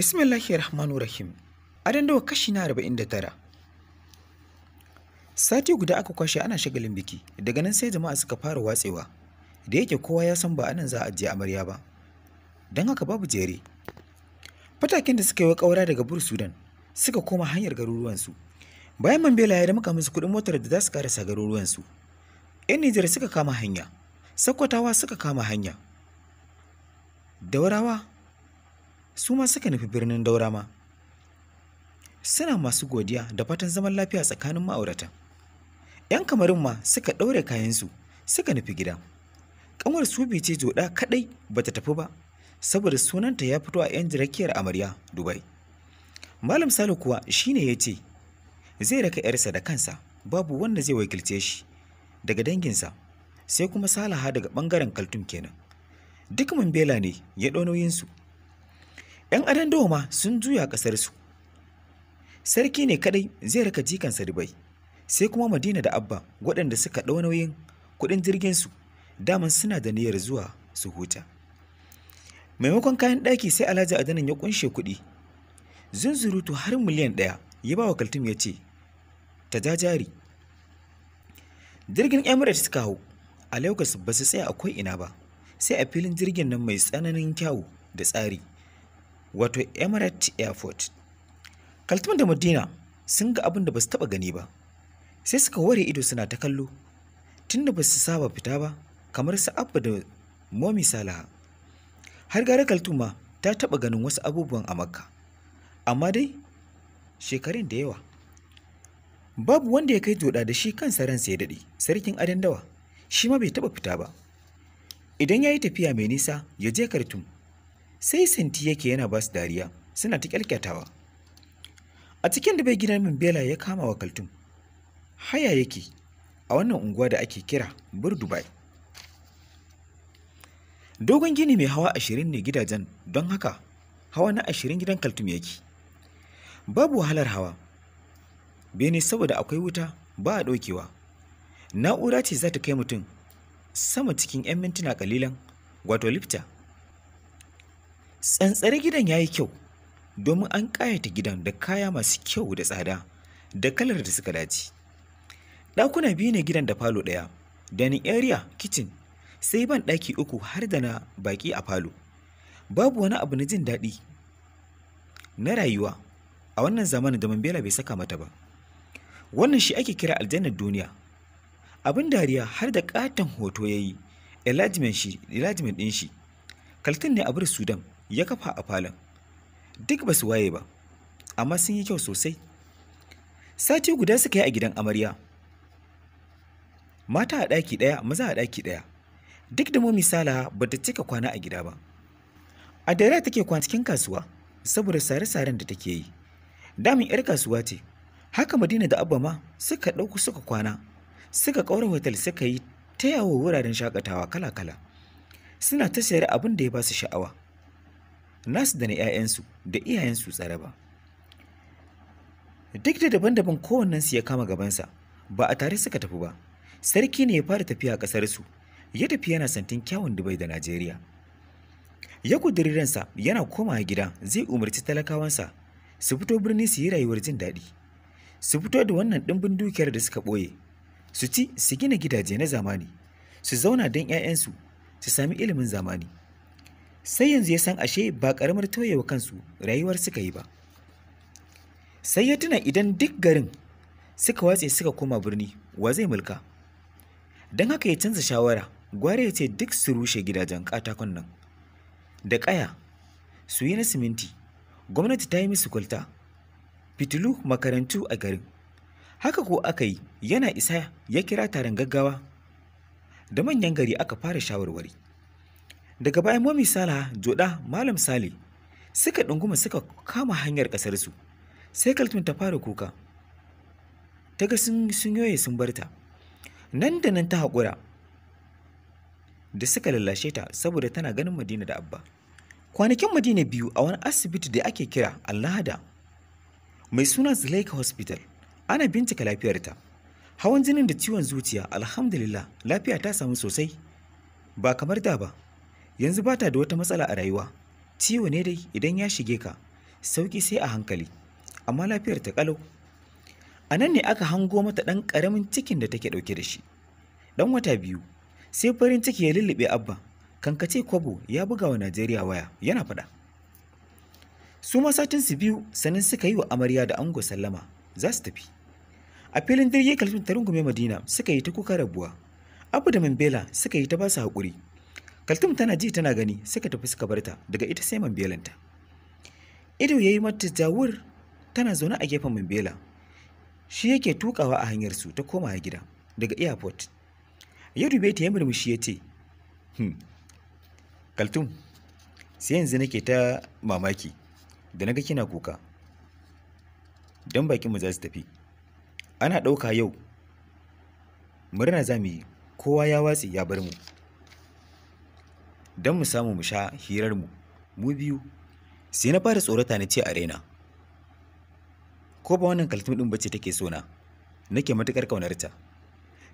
bismillahir rahmanu rahim adan dawa kashi na arba'in da tara sati guda aka kwashe ana shagalin biki daga nan sai jama'a suka fara watsewa da yake kowa ya san ba anan za a je amarya ba don haka babu jere fatakin da suka yi kaura daga bur sudan suka koma hanyar garuruwansu bayan mambela ya damaka musu kuɗin motar da za su karasa garuruwansu 'yan nijar suka kama hanya sakkwatawa suka kama hanya daurawa su ma suka nufi birnin daura ma suna masu godiya da fatan zaman lafiya tsakanin ma'aurata 'yan kamarin ma suka ɗaure kayansu suka nufi gida ƙanwar subi ce joɗa kaɗai ba ta tafi ba saboda sunanta ya fito a 'yan jirakiyar amarya dubai malam sale kuwa ne ya ce zai raka 'yarsa da kansa babu wanda zai wakilce shi daga danginsa sai kuma salaha daga ɓangaren kaltum kenan duk bela ne ya ɗau nauyinsu 'yan adon doma sun juya ƙasarsu sarki ne kadai zai raka jikansa dubai sai kuma madina da abba waɗanda suka ɗau nauyin kuɗin jirginsu daman suna da niyyar zuwa su huta maimakon kayan ɗaki sai alhaji adanan ya kunshe kuɗi zunzurutu har miliyan ɗaya ya ba wa kaltum ya ce ta ja jari jirgin emirates suka hau a lagos ba su tsaya akwai ina ba sai a filin jirgin nan mai tsananin kyawu da tsari wato Emirates Airport. Kaltuma da Madina sun ga abin da ba su taɓa gani ba, sai suka ware ido suna ta kallo, tunda ba su saba fita ba kamar su abba da momi salaha. Har gara Kaltuma ta taɓa ganin wasu abubuwan a Makka, amma dai shekarun da yawa. Babu wanda ya kai joɗa da shi kan ransa ya daɗe, sarkin adandawa, shi ma bai taɓa fita ba. Idan ya yi tafiya mai nisa ya je kartun sai senti yake yana ba su dariya suna ta kyalkyatawa a cikin da bai gidan min bela ya kama wa kaltun, haya yake a wannan unguwa da ake kira bur dubai dogon gini mai hawa ashirin ne gidajen don haka hawa na ashirin gidan kaltum yake babu wahalar hawa bene saboda akwai wuta ba a ɗaukewa na'ura ce za ta kai mutum sama cikin 'yan mintuna kalilan wato lifta Tsantsar gidan ya yi kyau, domin an ƙayata gidan da kaya masu kyau da tsada da kalar da suka dace. Ɗakuna biyu ne gidan da falo ɗaya, dining area, kitchen, sai ban ɗaki uku har da na baƙi a falo. Babu wani abu na jin daɗi na rayuwa a wannan zamanin da Mambela bai saka mata ba. Wannan shi ake kira aljannar duniya. Abin dariya har da ƙaton hoto ya yi, ɗin shi. Kaltin ne a bir Sudan ya kafa a falon duk ba su waye ba amma sun yi kyau sosai sati guda suka yi a gidan amarya mata a ɗaki ɗaya maza a ɗaki ɗaya duk da mu misala ba ta cika kwana a gida ba a dare take kwana cikin kasuwa saboda sare-saren da take yi damin 'yar kasuwa ce haka madina da abba ma suka ɗauku suka kwana suka ƙaura hotel suka yi ta yawo wuraren shakatawa kala-kala suna ta sayar abin da ya ba su sha'awa nasu da na 'ya'yansu da iyayensu tsare ba duk da daban-daban kowannensu ya kama gabansa ba a tare suka tafi ba sarki ne ya fara tafiya a ƙasarsu ya tafi yana santin kyawun dubai da najeriya ya ƙudiri ransa yana komawa gida zai umarci talakawansa su fito birni su yi rayuwar jin daɗi su fito da wannan ɗimbin dukiyar da suka ɓoye su ci su gina gidaje na zamani su zauna don 'ya'yansu su sami ilimin zamani sai yanzu ya san ashe ba ƙaramar tauyewa kansu rayuwar suka yi ba sai ya tuna idan duk garin suka watse suka koma birni wa zai mulka don haka ya canza shawara gware ya ce duk su rushe gidajen katakon nan da ƙaya su yi na siminti gwamnati ta yi musu kwalta fitilu makarantu a garin haka ko aka yi yana isa ya kira taron gaggawa da manyan gari aka fara shawarwari daga bayan mami sala joda malam sale suka ɗunguma suka kama hanyar ƙasarsu sai kaltun ta fara kuka ta ga sun yoye sun barta nan da nan ta haƙura da suka lallashe ta saboda tana ganin madina da abba kwanakin madina biyu a wani asibiti da ake kira allahada mai suna zulaika hospital ana bincika lafiyarta hawan jinin da ciwon zuciya alhamdulillah lafiya ta samu sosai ba kamar da ba yanzu ba ta da wata matsala a rayuwa ciwo ne dai idan ya shige ka sauki sai a hankali amma lafiyar ta kalau a nan ne aka hango mata ɗan ƙaramin cikin da take ɗauke da shi ɗan wata biyu sai farin ciki ya lullube abba kankace kwabo ya buga wa najeriya waya yana faɗa su ma satin su biyu sannan suka yi wa amarya da ango sallama za su tafi a filin jirgin kalfin ta rungume madina suka yi ta kuka rabuwa abu da mambela suka yi ta basu su haƙuri kaltum tana ji tana gani suka tafi suka bar ta daga ita sai mambelanta ido ya yi mata jawur tana zaune a gefen mambela shi yake tukawa a hanyar su ta koma gida daga airport ya dube ta ya murmushi ya ce hmm, kaltum sai yanzu nake ta mamaki da naga kina kuka don bakinmu za su tafi ana ɗauka yau murna za mu yi kowa ya watsi ya bar mu don mu samu mu sha hirarmu mu biyu sai na fara tsorata na ce a raina ko ba wannan kaltum ɗin bace take so na nake matuƙar ƙaunarta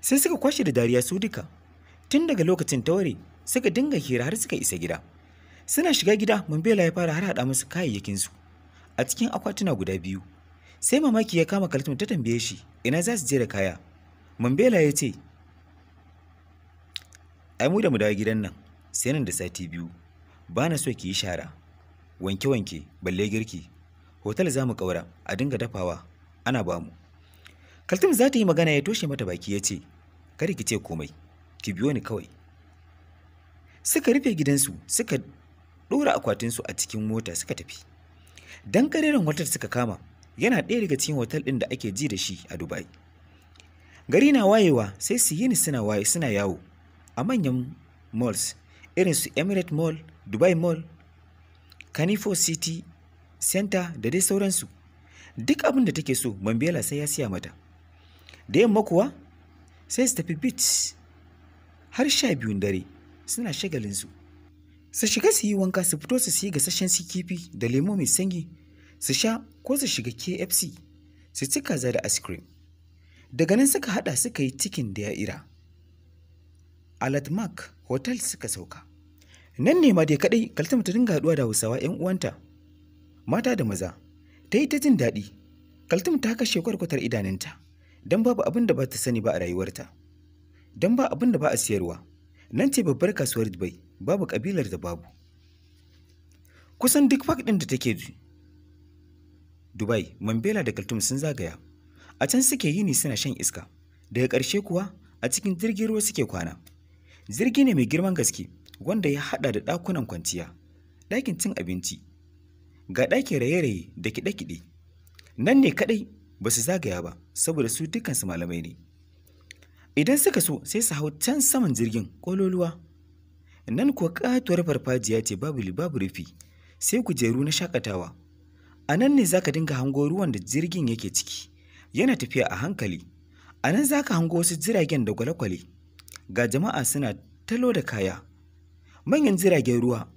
sai suka kwashe da dariya su duka tun daga lokacin taure suka dinga hira har suka isa gida suna shiga gida mumbela ya fara har haɗa musu kayayyakinsu a cikin akwatuna guda biyu sai mamaki ya kama kaltum ta tambaye shi ina za su je da kaya bela ya ce ai mu da mu dawo gidan nan sai nan da sati biyu ba na so ki yi shara wanke-wanke balle girki hotel za mu ƙaura a dinga dafawa ana ba mu kaltum za ta yi magana ya toshe mata baki ya ce kada ki ce komai ki biyo ni kawai suka rufe gidansu suka ɗora akwatinsu a cikin mota suka tafi dan kareren hotel suka kama yana ɗaya daga cikin hotel ɗin da ake ji da shi a dubai gari na wayewa sai su yini suna waye suna yawo a manyan malls irin su emirate mall dubai mall canifo city center da dai sauransu duk abin da take so mambela sai ya siya mata da yamma kuwa sai su tafi beach har sha biyun dare suna shagalinsu su shiga su yi wanka su fito su siya gasashen su kifi da lemo mai sanyi su sha ko su shiga kfc su cika kaza da ice cream daga nan suka hada suka yi cikin da ya ira alat mark Hotel suka sauka. Nan ne ma dai kaɗai Kaltama ta dinga haɗuwa da Hausawa 'yan uwanta, mata da maza. Ta yi ta jin daɗi. Kaltum ta kashe kwarkwatar idanunta, don babu abin da ba ta sani ba a rayuwarta. Don ba abin da ba a siyarwa. Nan ce babbar kasuwar Dubai, babu kabilar da babu. Kusan duk fak ɗin da take Dubai, Mambela da Kaltum sun zagaya. A can suke yini suna shan iska. Daga ƙarshe kuwa a cikin jirgin ruwa suke kwana. Zirgi ne mai girman gaske wanda ya haɗa da ɗakunan kwanciya, ɗakin cin abinci, ga ɗakin raye-raye da kiɗe-kiɗe. Nan ne kaɗai ba su zagaya ba saboda su dukansu malamai ne. Idan suka so sai su hau can saman jirgin ƙololuwa. Nan kuwa ƙatuwar farfajiya ce babu babu rufi sai kujeru na shakatawa. A nan ne za ka dinga hango ruwan da jirgin yake ciki, yana tafiya a hankali. A nan za ka hango wasu jiragen da kwale-kwale. ga jama'a suna talo da kaya manyan jiragen ruwa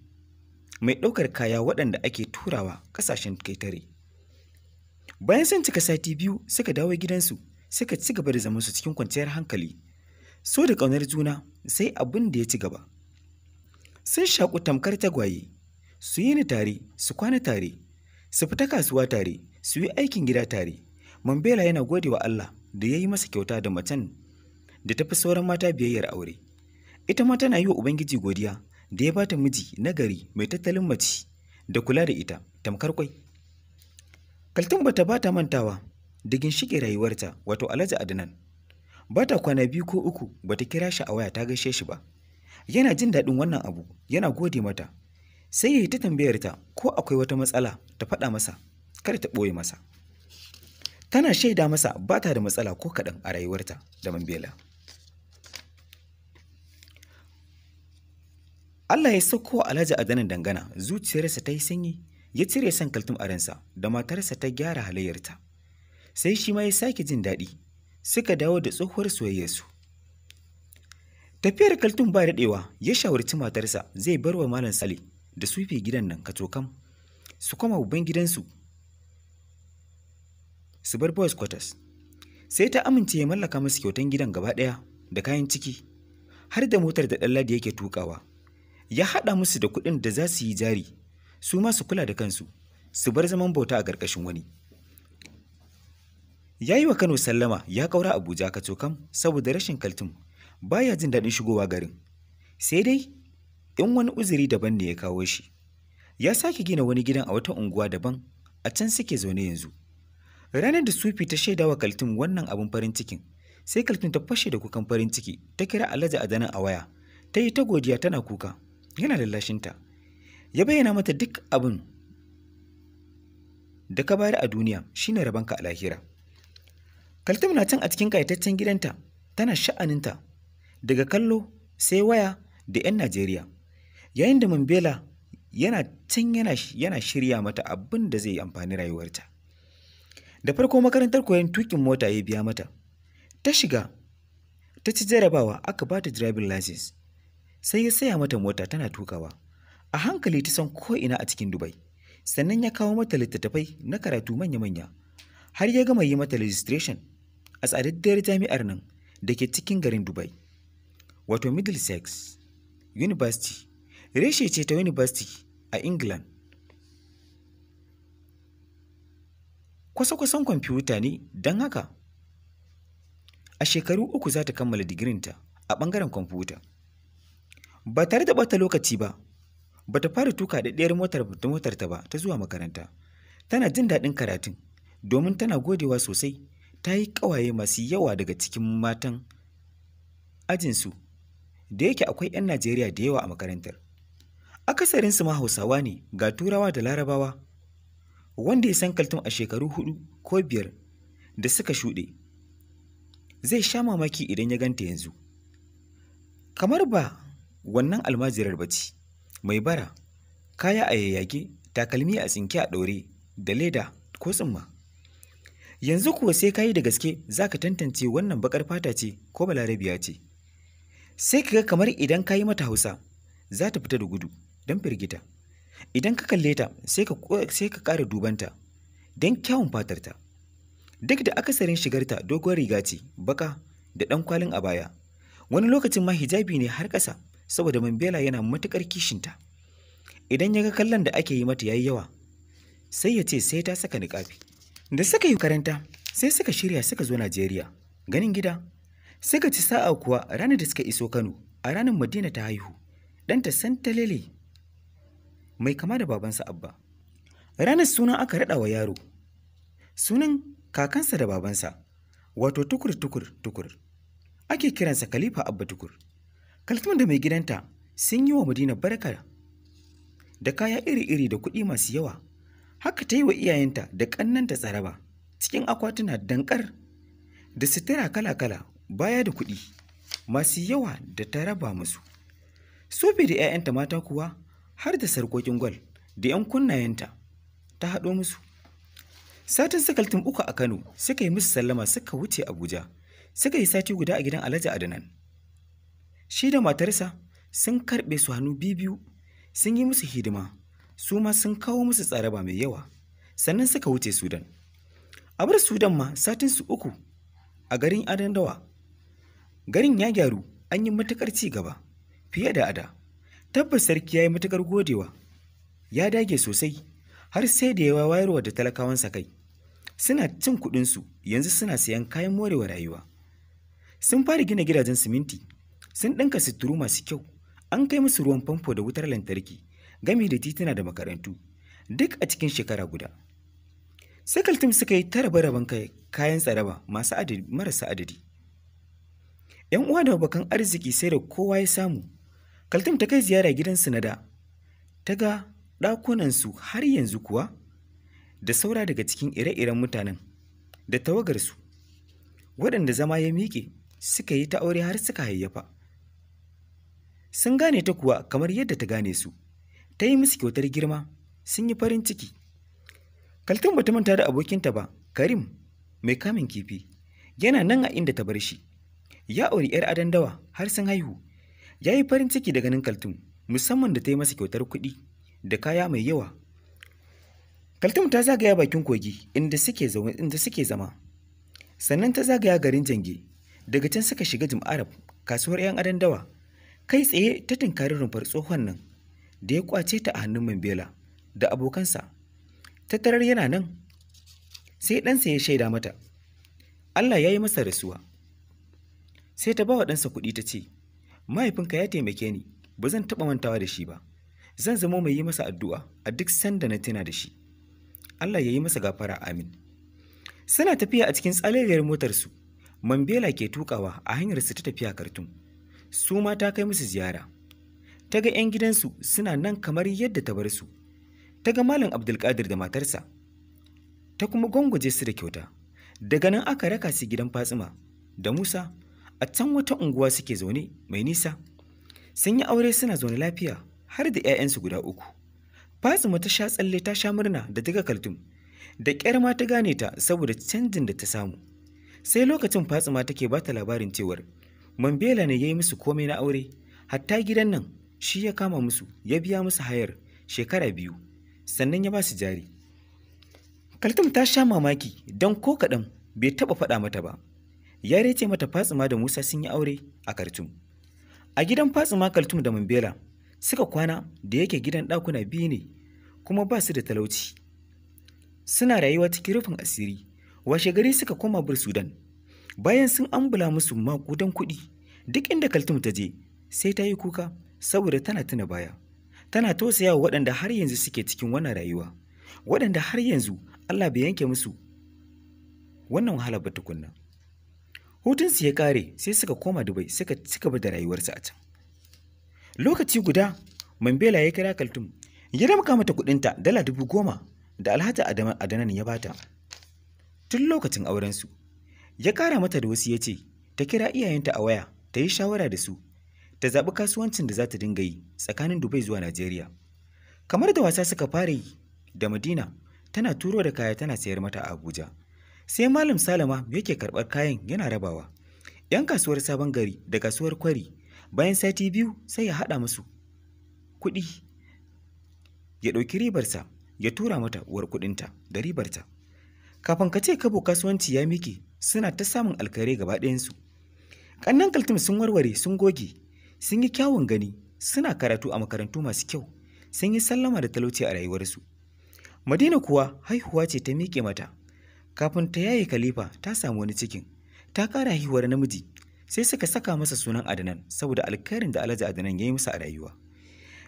mai ɗaukar kaya waɗanda ake turawa ƙasashen kaitare bayan sun cika sati biyu suka dawo gidansu suka ci gaba da zamansu cikin kwanciyar hankali so da ƙaunar juna sai abin da ya ci gaba sun shaƙu tamkar tagwaye su yi ni tare su kwana tare su fita kasuwa tare su yi aikin gida tare mambela yana gode wa allah da ya yi masa kyauta da macen da tafi sauran mata biyayyar aure ita ma tana yi wa ubangiji godiya da ya bata miji nagari, mai tattalin mace da kula da ita tamkar kwai kaltun bata bata mantawa da ginshike rayuwarta wato alhaji adnan bata kwana biyu ko uku bata kira shi a waya ta gaishe shi ba yana jin daɗin wannan abu yana gode mata sai ya yi ta tambayar ta ko akwai wata matsala ta faɗa masa kar ta ɓoye masa tana shaida masa ba ta da matsala ko kaɗan a rayuwarta da mambela Allah ya sauko Alhaji Adanin dangana zuciyarsa ta yi sanyi ya cire san kaltum a ransa da matarsa ta gyara halayyarta sai shi ma ya sake jin daɗi suka dawo da tsohuwar soyayyarsu tafiyar kaltum ba daɗewa ya shawarci matarsa zai bar wa malam sale da sufi gidan nan ka tokan su koma babban gidansu su bar boys quarters sai ta amince ya mallaka masu kyautan gidan gaba ɗaya da kayan ciki har da motar da ɗan ladi yake tukawa ya haɗa musu da kuɗin da za su yi jari su ma su kula da kansu su bar zaman bauta a ƙarƙashin wani ya yi wa kano sallama ya ƙaura abuja ka kam saboda rashin kaltum ya jin daɗin shigowa garin sai dai in wani uzuri daban ne ya kawo shi ya sake gina wani gidan a wata unguwa daban a can suke zaune yanzu ranar da sufi ta shaida wa kaltum wannan abin farin cikin sai kaltum ta fashe da kukan farin ciki ta kira alhaji adanan a waya ta yi ta godiya tana kuka yana lallashinta ya bayyana mata duk abin da ka bari a duniya shine rabanka a lahira kaltum na can a cikin kayataccen gidanta tana sha'aninta daga kallo sai waya da 'yan najeriya yayin da mambela yana can yana shirya mata abin da zai amfani rayuwarta da farko makarantar koyon tukin mota ya biya mata ta shiga ta ci jarabawa aka ba ta driving license sai ya saya mata mota tana tukawa a hankali ta san ko'ina a cikin dubai sannan ya kawo mata littattafai na karatu manya-manya har ya gama yi mata registration a tsadaddiyar jami'ar nan da ke cikin garin dubai wato middlesex university reshe ce ta university a england kwasa-kwasan kwamfuta ne don haka a shekaru uku za ta kammala digirinta a ɓangaren kwamfuta ba tare da bata lokaci ba bata fara tuka da ɗayar motar da motar ta ba ta zuwa makaranta tana jin daɗin karatun domin tana godewa sosai ta yi ƙawaye masu yawa daga cikin matan ajinsu da yake akwai 'yan najeriya da yawa a makarantar akasarinsu ma hausawa ne ga turawa da larabawa wanda ya san kaltun a shekaru hudu ko biyar da suka shuɗe zai sha mamaki idan ya ganta yanzu kamar ba wannan almajirar bacci, mai bara kaya a yayyage takalmi a tsinke a ɗore da leda ko tsumma yanzu kuwa sai ka yi da gaske za ka tantance wannan baƙar fata ce ko balarabiya ce sai ka ga kamar idan ka yi mata hausa za ta fita da gudu don firgita idan ka kalle ta sai ka ƙara dubanta don kyawun fatarta duk da akasarin shigarta doguwar riga ce baka da ɗan kwalin a baya wani lokacin ma hijabi ne har ƙasa saboda Mambela yana matuƙar kishinta. Idan ya ga kallon da ake yi mata yayi yawa, sai ya ce sai ta saka niƙafi. Da suka yi karanta, sai suka shirya suka zo Najeriya, ganin gida. Suka ci sa'a kuwa ranar da suka iso Kano, a ranar Madina ta haihu, ɗanta Santalele mai kama da babansa Abba. Ranar sunan aka raɗa wa yaro, sunan kakansa da babansa, wato tukur tukur tukur. Ake kiransa Khalifa Abba tukur. kaltun da mai gidanta sun yi wa madina barka da kaya iri-iri da kuɗi masu yawa haka ta yi wa iyayenta da ƙannanta tsaraba cikin akwatuna dankar da sutura kala-kala baya da kuɗi masu yawa da ta raba musu sofi da 'ya'yanta mata kuwa har da sarkokin gwal da 'yan kunnayenta ta haɗo musu satin sakaltun uku a kano suka yi musu sallama suka wuce abuja suka yi sati guda a gidan alhaji adanan shi da matarsa sun karɓe su hannu biyu sun yi musu hidima su ma sun kawo musu tsaraba mai yawa sannan suka wuce sudan a bar sudan ma satin su uku a garin adandawa garin ya gyaru an yi matuƙar ci gaba fiye da ada tabbas sarki ya yi matukar godewa ya dage sosai har sai da yawa wayarwa da talakawansa kai suna cin kuɗinsu yanzu suna sayan kayan morewa rayuwa sun fara gina gidajen siminti sun ɗinka suturu masu kyau an kai musu ruwan famfo da wutar lantarki gami da tituna da makarantu duk a cikin shekara guda sakaltum suka yi ta rabe-raben kayan tsaraba masu adadi marasa adadi yan uwa da bakan arziki sai da kowa ya samu kaltum ta kai ziyara gidan sinada ta ga su har yanzu kuwa da saura daga cikin ire-iren mutanen da tawagarsu waɗanda zama ya miƙe suka yi ta aure har suka hayyafa sun gane ta kuwa kamar yadda ta gane su ta yi musu kyautar girma sun yi farin ciki kaltun bata manta da abokinta ba karim mai kamun kifi yana nan a inda ta bar shi ya auri 'yar adandawa har sun haihu ya yi farin ciki da ganin kaltun musamman da ta yi masa kyautar kuɗi da kaya mai yawa kaltun ta zagaya bakin kogi inda suke zama sannan ta zagaya garin jange daga can suka shiga jim kasuwar 'yan adandawa kai tsaye ta tinkari rumfar tsohon nan da ya kwace ta a hannun Mambela da abokansa. Tattarar yana nan, sai ɗansa ya shaida mata, Allah ya yi masa rasuwa. Sai ta ba wa ɗansa kuɗi ta ce, Mahaifinka ya taimake ni, ba zan taɓa mantawa da shi ba, zan zamo mai yi masa addu'a a duk sanda na tuna da shi. Allah ya yi masa gafara amin. Suna tafiya a cikin tsalariyar motarsu, Mambela ke tukawa a hanyar su ta tafiya Kartun. su ma ta kai musu ziyara ta ga 'yan gidansu suna nan kamar yadda ta bar su ta ga malam abdulkadir da matarsa ta kuma gwangwaje su da kyauta daga nan aka raka su gidan fatsima da musa a can wata unguwa suke zaune mai nisa sun yi aure suna zaune lafiya har da 'ya'yansu guda uku fatsima ta sha tsalle ta sha murna da ta kaltum da ƙyar ma ta gane ta saboda canjin da ta samu sai lokacin fatsima take ba ta labarin cewar Mambela ne ya yi musu komai na aure, hatta gidan nan shi ya kama musu ya biya musu hayar shekara biyu, sannan ya ba su jari. Kaltum ta sha mamaki don ko kaɗan bai taɓa faɗa mata ba. Yare rece mata Fatsima da Musa sun yi aure a Kartum. A gidan Fatsima Kaltum da Mambela suka kwana da yake gidan ɗakuna biyu ne kuma ba su da talauci. Suna rayuwa cikin rufin asiri, washe gari suka koma Bur Sudan. bayan sun ambula musu maƙudan kuɗi duk inda kaltum ta je sai ta yi kuka saboda tana tuna baya tana tausaya wa waɗanda har yanzu suke cikin wannan rayuwa waɗanda har yanzu Allah bai yanke musu wannan wahala ba tukunna hutunsu ya kare sai suka koma dubai suka cika da rayuwarsu a can lokaci guda mambela ya kira kaltum ya damka mata kuɗinta dala dubu goma da alhaji adanan ya bata tun lokacin aurensu ya ƙara mata da wasu ya ce ta kira iyayenta a waya ta yi shawara da su ta zaɓi kasuwancin da za ta dinga yi tsakanin dubai zuwa najeriya kamar da wasa suka fara yi da madina tana turo da kaya tana sayar mata a abuja sai malam salama yake karɓar kayan yana rabawa 'yan kasuwar sabon gari da kasuwar kwari bayan sati biyu sai ya haɗa musu kuɗi ya ɗauki ribarsa ya tura mata uwar kuɗinta da ribarta kafin ka ce kabo kasuwanci ya miki suna ta samun alkhairai gaba ɗayansu ƙannan kaltum sun warware sun goge sun yi kyawun gani suna karatu a makarantu masu kyau sun yi sallama da talauci a rayuwarsu madina kuwa haihuwa ce ta miƙe mata kafin ta yaye khalifa ta samu wani cikin ta ƙara haihuwar namiji sai suka saka masa sunan adanan saboda alkhairin da alhaji adanan ya yi masa a rayuwa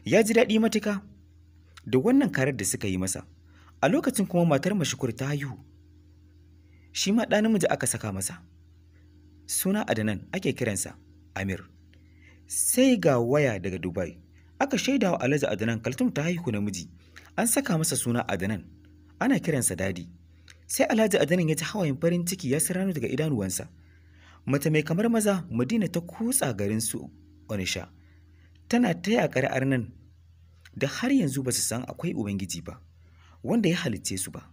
ya ji daɗi matuka da wannan karar da suka yi masa a lokacin kuma matar mashukur ta haihu shi ma ɗa namiji aka saka masa suna adanan ake kiransa amir sai ga waya daga dubai aka shaida wa alhaji adanan kaltum ta haihu namiji an saka masa suna adanan ana kiransa dadi sai alhaji adanan ya ji hawayen farin ciki ya sirano daga idanuwansa mace mai kamar maza madina ta kutsa garin su onisha tana ta yaƙar nan da har yanzu ba su san akwai ubangiji ba wanda ya halicce su ba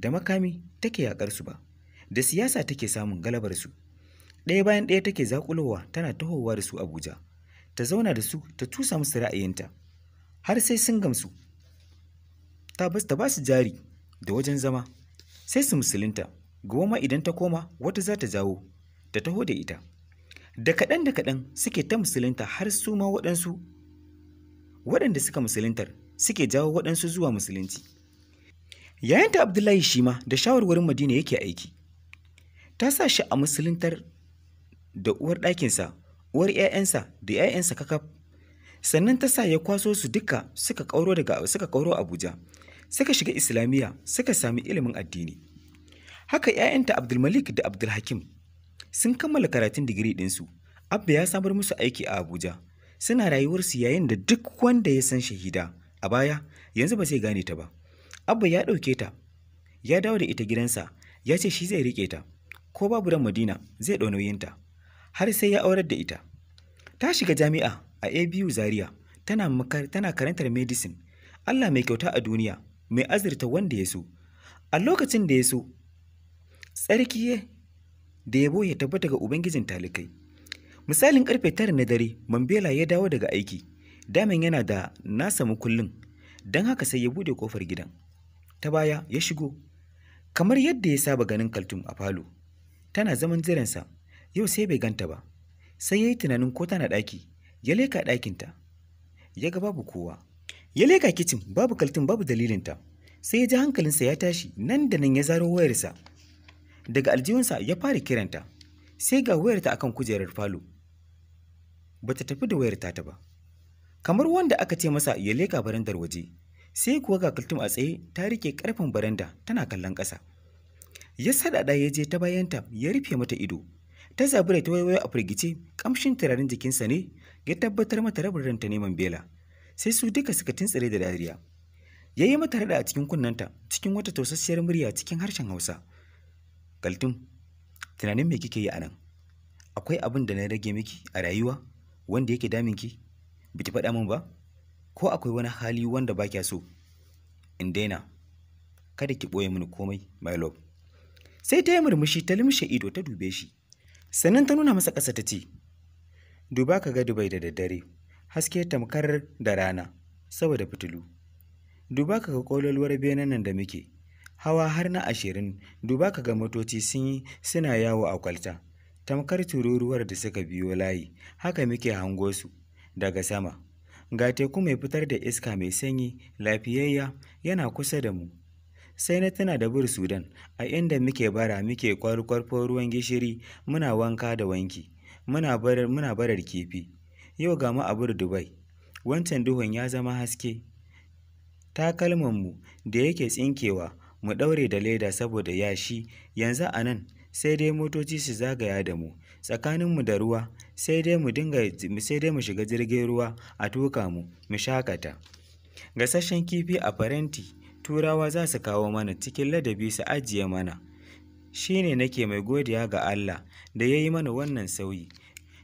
da makami take yakarsu ba da siyasa take samun galabarsu ɗaya bayan ɗaya take zakulowa tana tahowa da su abuja ta zauna da su ta tusa musu ra'ayinta har sai sun gamsu ta ba su jari da wajen zama sai su musulunta goma idan ta koma wata za ta jawo ta taho da ita da kaɗan da kaɗan suke ta musulunta har su ma waɗansu waɗanda suka musuluntar suke jawo waɗansu zuwa musulunci yayanta abdullahi shi ma da shawarwarin madina yake aiki ta sa shi a musuluntar da uwar ɗakinsa uwar 'ya'yansa da 'ya'yansa kakaf sannan ta sa ya kwaso su duka suka kauro daga suka abuja suka shiga islamiyya suka sami ilimin addini haka 'ya'yanta abdulmalik da abdulhakim sun kammala karatun digiri ɗinsu abba ya samar musu aiki a abuja suna rayuwarsu yayin da duk wanda ya san shahida a baya yanzu ba zai gane ta ba Abba ya ɗauke ta, ya dawo da ita gidansa, ya ce shi zai rike ta, ko babu ran Madina zai ɗau nauyinta, har sai ya aurar da ita. Ta shiga jami'a a ABU Zaria, tana, tana karantar medicine, Allah mai kyauta a duniya, mai azurta wanda ya so. A lokacin da ya so, tsarki da yabo ya tabbata ga Ubangijin talikai. Misalin karfe tara na dare, Mambela ya dawo daga aiki. Damin yana da nasa mukullin, don haka sai ya bude kofar gidan. ta baya ya shigo kamar yadda ya saba ganin kaltum a falo tana zaman jiransa yau sai bai ganta ba sai ya yi tunanin ko tana ɗaki ya leka ɗakinta ya ga babu kowa ya leka kicin babu kaltum babu dalilinta sai ya ji hankalinsa ya tashi nan da nan ya zaro wayarsa daga aljihunsa ya fara kiranta sai ga wayarta akan kujerar falo bata tafi da wayar ta ba kamar wanda aka ce masa ya leka barandar waje sai kuwa ga kultum a tsaye ta rike karfin baranda tana kallon ƙasa ya sadada ya je ta bayanta ya rufe mata ido ta zabura ta wayo a firgice kamshin turarin jikinsa ne ya tabbatar mata rabin ranta neman bela sai su duka suka tintsire da dariya ya yi mata rada a cikin kunnanta cikin wata tausasiyar murya cikin harshen hausa kaltum tunanin me kike yi a nan akwai abin da na rage miki a rayuwa wanda yake ki? biki faɗa min ba ko akwai wani hali wanda ba kya so in daina kada ki ɓoye mini komai my love sai ta yi murmushi ta limshe ido ta dube shi sannan ta nuna masa ƙasa ta ce duba ka ga dubai da daddare haske tamkar da rana saboda fitilu duba ka ga ƙololuwar benen nan da muke hawa har na ashirin duba ka ga motoci sun yi suna yawo a kwalta tamkar tururuwar da suka biyo layi haka muke hango su daga sama ga teku mai fitar da iska mai sanyi lafiyayya yana kusa da mu sai na tuna da bir sudan a inda muke bara muke kwarkwarfo ruwan gishiri muna wanka da wanki muna barar kifi yau ga mu a dubai wancan duhun ya zama haske takalmanmu da yake tsinkewa mu ɗaure da leda saboda yashi yanzu a nan sai dai motoci su zagaya da mu tsakaninmu da ruwa sai dai mu dinga sai dai mu shiga jirgin ruwa a tuka mu mu shakata Gasashen kifi a faranti turawa za su kawo mana cikin ladabi su ajiye mana shine nake mai godiya ga Allah da ya yi mana wannan sauyi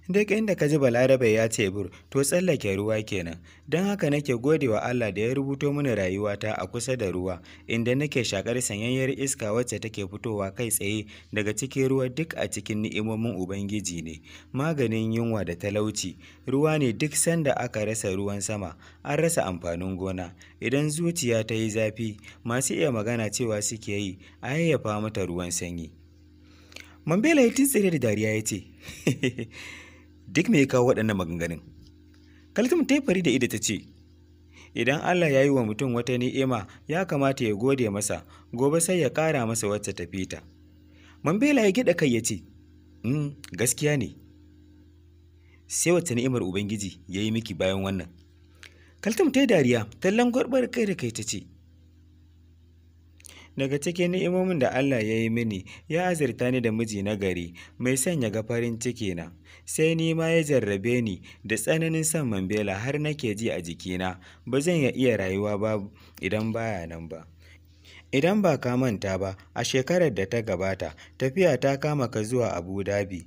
duk inda ka ji balarabe ya ce bur to tsallake ruwa kenan don haka nake gode wa allah da ya rubuto mini rayuwata a kusa da ruwa inda nake shakar sanyayyar iska wacce take fitowa kai tsaye daga cikin ruwa duk a cikin ni'imomin ubangiji ne maganin yunwa da talauci ruwa ne duk sanda aka rasa ruwan sama an rasa amfanin gona idan zuciya ta yi zafi masu iya magana cewa suke yi a yayyafa mata ruwan sanyi mambela ya tsire da dariya ya ce duk me ya kawo waɗannan maganganun kaltum ta fari da ita ta ce idan Allah ya yi wa mutum wata ni'ima ya kamata ya gode masa gobe sai ya ƙara masa wacce ta fita mambela ya gida kai ya ce mm, gaskiya ne sai wacce ni'imar ubangiji ya yi miki bayan wannan kalitum ta yi dariya tallan gwarbar kai da kai ta ce daga cikin ni'imomin da Allah ya yi mini ya azirta ni da miji na gari mai sanya ga farin ciki na sai ni ma ya jarrabe ni da tsananin son mambela har nake ji a jikina ba zan iya rayuwa ba idan baya nan ba idan ba ka manta ba a shekarar da ta gabata tafiya ta kama ka zuwa abu dabi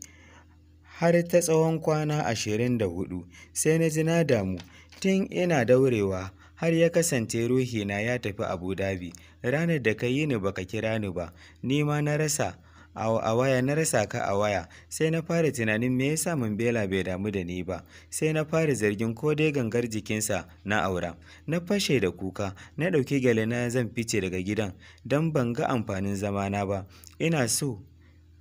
har ta tsawon kwana ashirin da hudu sai na ji na damu tun ina daurewa har ya kasance ruhina ya tafi Abu Dhabi, ranar da ka yi ni baka kira ni ba, ni ma na rasa a waya na rasa ka a waya sai na fara tunanin me yasa bela bai damu da ni ba sai na fara zargin ko dai gangar jikinsa na aura na fashe da kuka na ɗauki gale na zan fice daga gidan don ban ga amfanin zamana ba ina so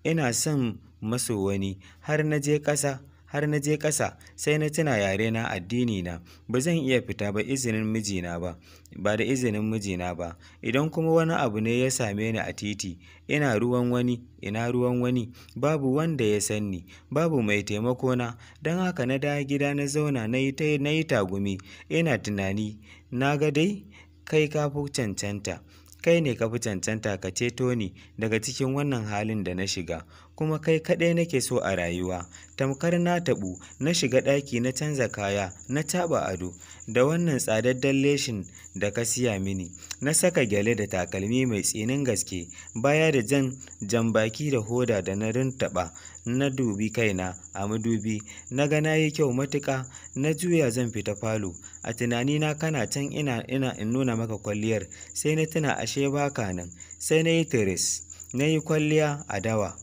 ina son maso wani har na je ƙasa har na je ƙasa sai na tuna yare na addini na ba zan iya fita ba izinin mijina ba ba da izinin mijina ba idan kuma wani abu ne ya same ni a titi ina ruwan wani ina ruwan wani babu wanda ya sanni babu mai taimako na don haka na da gida na zauna na yi tagumi ina tunani na ga dai kai ka cancanta kai ne ka fi cancanta ka ceto ni daga cikin wannan halin da na shiga kuma kai kaɗai nake so a rayuwa tamkar na taɓu na shiga ɗaki na canza kaya na taɓa ado da wannan tsadaddan leshin da ka siya mini na saka gyale da takalmi mai tsinin gaske baya da jan jambaki da hoda da na rintaɓa na dubi kaina a madubi na ga na yi kyau matuka! na juya zan fita falo a tunani na kana can ina ina in nuna maka kwalliyar sai na tuna ashe baka nan sai na yi tiris na yi kwalliya a dawa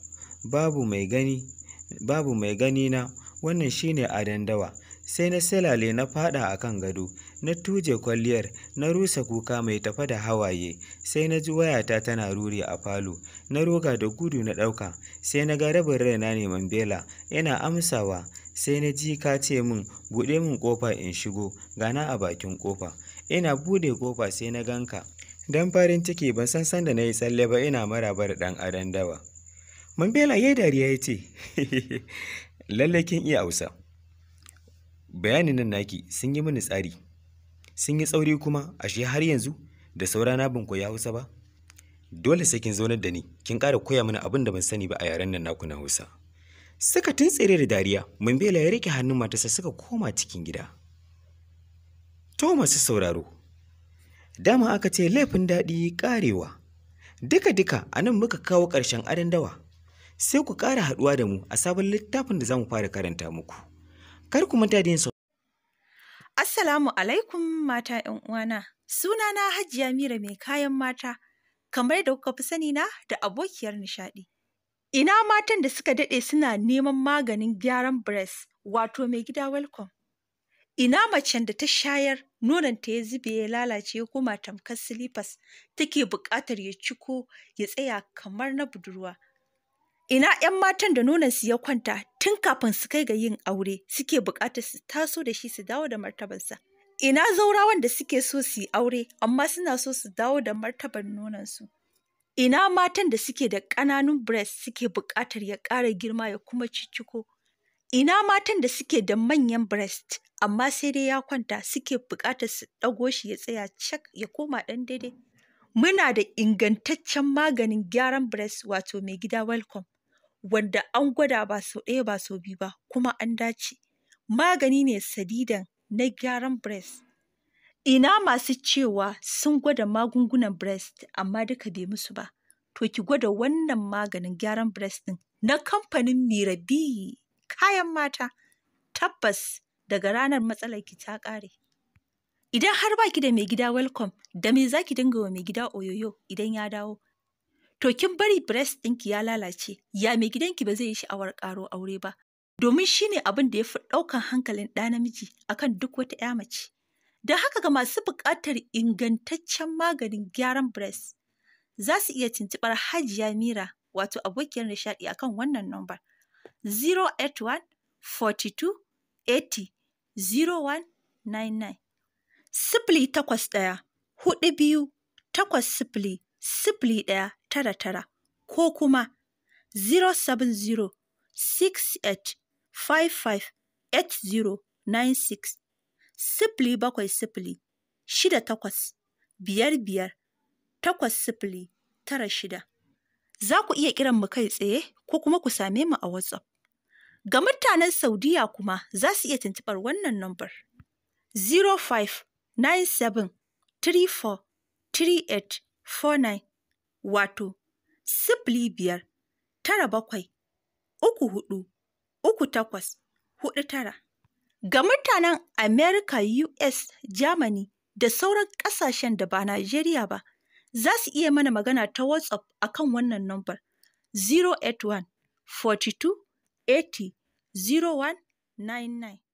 babu mai gani na wannan shine adon dawa sai na silale na fada a kan gado na tuje kwalliyar na rusa kuka mai tafa da hawaye sai na ji wayata tana ruri a falo na roga da gudu na ɗauka sai na ga rabin na neman mambela yana amsawa sai na ji ka ce min buɗe min ƙofa in shigo gana a bakin ƙofa ina buɗe ƙofa sai na ganka dan farin ciki ban san sanda na yi tsalle ba ina marabar ɗan adan dawa mambela ya dariya ya ce lallai kin iya hausa bayanin nan naki sun yi mini tsari sun yi tsauri kuma ashe har yanzu da saurana ban koyi hausa ba dole sai kin zaunar da ni kin ƙara koya mana abin da ban sani ba a yaren nan naku na Hausa suka tsere da dariya Mumbela ya rike hannun matarsa suka koma cikin gida to masu sauraro dama aka ce laifin daɗi karewa. duka-duka a nan muka kawo ƙarshen adon dawa sai ku ƙara haɗuwa da mu a sabon littafin da za mu fara karanta muku kar ku manta da yin Assalamu alaikum mata 'yan uwana sunana Hajiya Mira mai kayan mata kamar da kuka fi sani na da abokiyar nishaɗi. Ina matan da suka daɗe suna neman maganin gyaran breast wato mai gida welcome. Ina macen da ta shayar nonon ta ya zube ya lalace ya koma tamkar silifas take buƙatar ya ciko ya tsaya kamar na budurwa. Ina 'yan matan da nonon su ya kwanta tun kafin su kai ga yin aure suke buƙatar su taso da shi su dawo da martabarsa. ina zaurawan da suke so su yi aure amma suna so su dawo da martabar nonansu ina matan da suke da ƙananun breast suke buƙatar ya ƙara girma ya kuma cicciko ina matan da suke da manyan breast amma sai dai ya kwanta suke buƙatar su ɗago shi ya tsaya cak ya koma ɗan daidai muna da ingantaccen maganin gyaran breast wato mai gida welcome wanda an gwada ba sau ɗaya ba sau biyu ba kuma an dace magani ne sadidan na gyaran breast. Ina masu cewa sun gwada magungunan breast amma duka bai musu ba. To ki gwada wannan maganin gyaran breast ɗin na kamfanin Mirabi kayan mata. Tabbas daga ranar matsalar ki ta ƙare. Idan har ba ki da mai gida welcome, da me zaki dinga wa mai gida oyoyo idan ya dawo? To kin bari breast ɗinki ya lalace, ya mai gidanki ba zai yi sha'awar ƙaro aure ba, domin shi ne abin da ya fi ɗaukan hankalin ɗa namiji akan duk wata ‘ya mace. Don haka ga masu buƙatar ingantaccen maganin gyaran breast za su iya tuntuɓar Hajiya Mira wato abokiyar nishaɗi akan wannan nombar 081 42 80 0199 sifili takwas ɗaya huɗu biyu takwas sifili sifili ɗaya tara tara ko kuma 070 68 558096 0706855890 za ku iya kiran mu kai tsaye ko kuma ku same mu a WhatsApp. Ga mutanen Saudiya kuma za su iya tuntuɓar wannan nambar 0597 0597343849 wato sifili biyar tara bakwai uku hudu uku takwas hudu tara. Ga mutanen Amerika, US, Germany da sauran ƙasashen da ba Najeriya ba, za su iya mana magana ta WhatsApp a kan wannan nambar 081 42 80 0199.